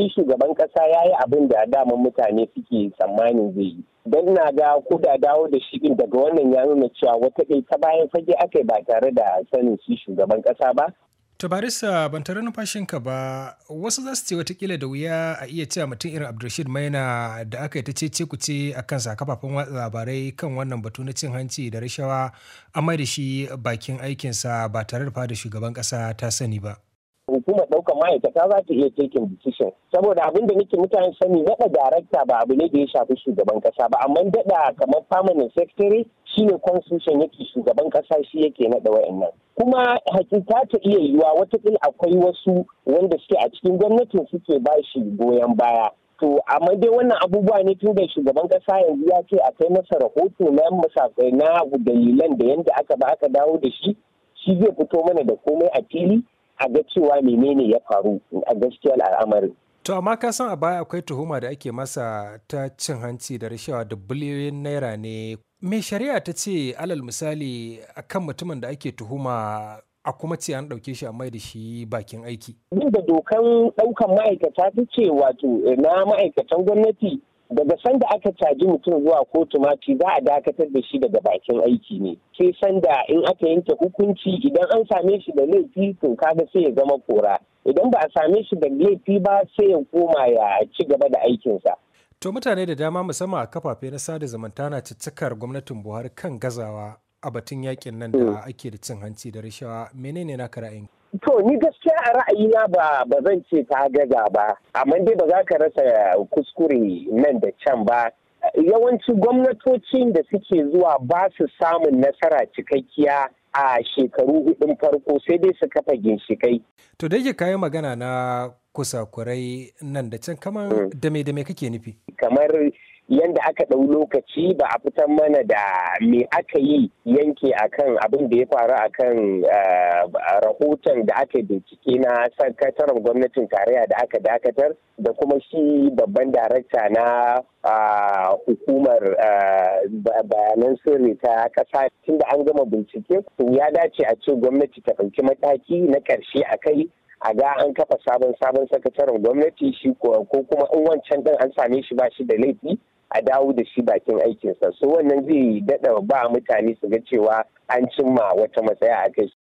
shi shugaban kasa ya yi abin da dama mutane suke tsammanin zai yi don na ga ko da dawo da shi daga wannan ya nuna cewa wata ɗai ta bayan fage aka ba tare da sanin shi shugaban kasa ba tabarisa ban tare numfashinka ba wasu za su ce watakila da wuya a iya cewa mutum irin abdulrashid maina da aka yi ta ce ku ce a kansa kafafen watsa labarai kan wannan batu na cin hanci da rashawa amma da shi bakin aikinsa ba tare da fada shugaban kasa ta sani ba ma'aikata za ta iya taken decision saboda abin da nake mutane sani naɗa darakta ba abu ne da ya shafi shugaban kasa ba amma daɗa kamar permanent secretary shine constitution yake shugaban kasa shi yake naɗa wa'annan kuma hakika ta iya yiwa watakila akwai wasu wanda suke a cikin gwamnatin suke ba shi goyon baya to amma dai wannan abubuwa ne tun da shugaban kasa yanzu ya ce a kai masa rahoto na musafai na dalilan da yanda aka ba aka dawo da shi shi zai fito mana da komai a fili a ga cewa menene ya faru a gaskiyar al'amarin To amma ka san a baya akwai tuhuma da ake masa ta cin hanci da rashawa da biliyoyin naira ne. Me shari'a ta ce alal misali akan mutumin da ake tuhuma a kuma ce an ɗauke shi a mai da shi bakin aiki. Bin da dokan ɗaukan ma'aikata ta ce wato na ma'aikatan gwamnati daga sanda aka caji mutum zuwa ko tumati za a dakatar da shi daga bakin aiki ne sai sanda in aka yanke hukunci idan an same shi da laifi to kaga sai ya zama kora idan ba a same shi da laifi ba sai ya koma ya ci gaba da aikinsa to mutane da dama musamman a kafafe na sada zumunta na cikakkar gwamnatin buhari kan gazawa a batun yakin nan da hmm. ake da cin hanci da rashawa menene na ra'ayin To ni gaskiya a ra'ayina ba ba zan ce ta gaza ba, amma dai ba za ka rasa kuskure nan da can ba. Yawanci gwamnatocin da suke zuwa ba su samun nasara cikakkiya a shekaru hudun farko sai dai su kafa ginshikai. To da yake kayan magana na kusa kurai nan da can kamar mm. dame-dame kake nufi? Kamar yanda aka ɗau lokaci ba a fitar mana da me aka yi yanke akan abin da ya faru a kan eh, rahoton da aka bincike na sakataren gwamnatin tarayya da aka dakatar da kuma shi babban darakta na eh, hukumar eh, bayanan sirri ta ƙasa tunda an gama bincike ya dace a ce gwamnati ta ɗauki mataki na ƙarshe a kai a ga an kafa sabon sabon sakataren gwamnati shi ko kuma in wancan din an same shi ba shi da laifi a dawo da shi bakin aikinsa so wannan zai daɗa ba mutane su ga cewa an cimma wata matsaya a kai